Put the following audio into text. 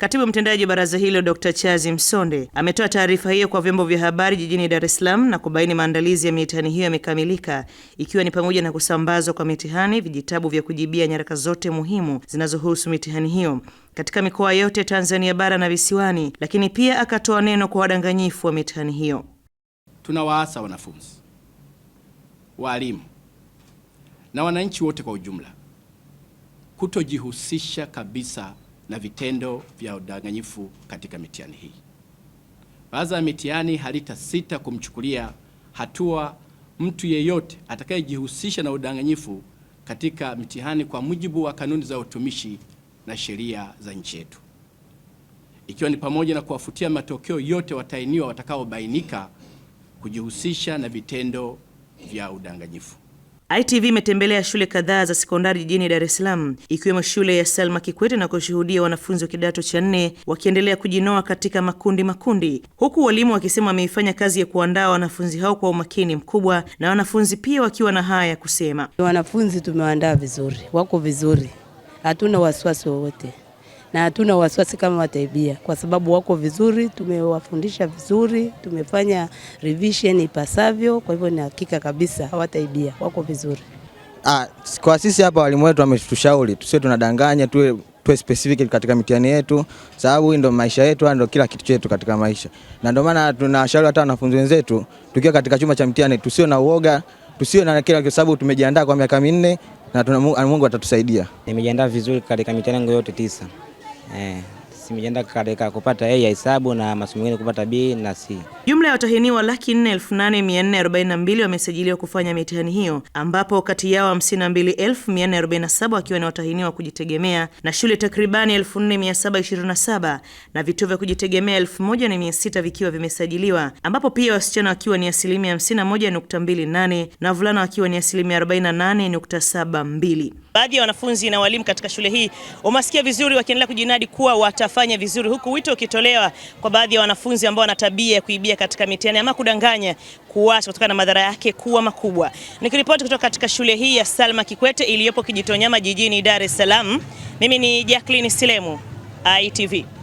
Katibu mtendaji wa baraza hilo Dr. Chazi Msonde ametoa taarifa hiyo kwa vyombo vya habari jijini Dar es Salaam na kubaini maandalizi ya mitihani hiyo yamekamilika ikiwa ni pamoja na kusambazwa kwa mitihani, vijitabu vya kujibia nyaraka zote muhimu zinazohusu mitihani hiyo katika mikoa yote Tanzania bara na visiwani, lakini pia akatoa neno kwa wadanganyifu wa mitihani hiyo. Tunawaasa wanafunzi, waalimu na wananchi wote kwa ujumla kutojihusisha kabisa na vitendo vya udanganyifu katika mitihani hii. Baraza la mitihani halitasita kumchukulia hatua mtu yeyote atakayejihusisha na udanganyifu katika mitihani kwa mujibu wa kanuni za utumishi na sheria za nchi yetu, ikiwa ni pamoja na kuwafutia matokeo yote watahiniwa watakaobainika kujihusisha na vitendo vya udanganyifu. ITV imetembelea shule kadhaa za sekondari jijini Dar es Salaam ikiwemo shule ya Salma Kikwete na kushuhudia wanafunzi wa kidato cha nne wakiendelea kujinoa katika makundi makundi, huku walimu wakisema wameifanya kazi ya kuandaa wanafunzi hao kwa umakini mkubwa, na wanafunzi pia wakiwa na haya ya kusema. Wanafunzi tumewaandaa vizuri, wako vizuri, hatuna wasiwasi wowote na hatuna wasiwasi kama wataibia, kwa sababu wako vizuri, tumewafundisha vizuri, tumefanya revision ipasavyo. Kwa hivyo ni hakika kabisa hawataibia, wako vizuri. Ah, kwa sisi hapa walimu wetu wametushauri tusiwe tunadanganya, tuwe tuwe specific katika mitihani yetu, sababu hii ndio maisha yetu, ndio kila kitu chetu katika maisha, na ndio maana tunashauri hata wanafunzi wenzetu tukiwa katika chumba cha mtihani tusiwe na uoga, tusiwe na kila kitu, sababu tumejiandaa kwa miaka minne na tuna Mungu atatusaidia. Nimejiandaa vizuri katika mitihani yangu yote tisa. 예. simejenda katika kupata A ya hesabu na masomo mengine kupata B na C. Jumla ya watahiniwa laki nne elfu nane mia nne arobaini na mbili wamesajiliwa kufanya mitihani hiyo, ambapo kati yao hamsini na mbili elfu mia nne arobaini na saba wakiwa ni watahiniwa kujitegemea na shule takribani elfu nne mia saba ishirini na saba na vituo vya kujitegemea elfu moja na mia sita vikiwa vimesajiliwa, ambapo pia wasichana wakiwa ni asilimia hamsini na moja nukta mbili nane na wavulana wakiwa ni asilimia arobaini na nane nukta saba mbili. Baadhi ya wanafunzi na walimu katika shule hii wamesikia vizuri wakiendelea kujinadi kuwa watafa kufanya vizuri, huku wito ukitolewa kwa baadhi ya wanafunzi ambao wana tabia ya kuibia katika mitihani ama kudanganya kuacha kutokana na madhara yake kuwa makubwa. Nikiripoti kutoka katika shule hii ya Salma Kikwete iliyopo Kijitonyama jijini Dar es Salaam, mimi ni Jacqueline Silemu, ITV.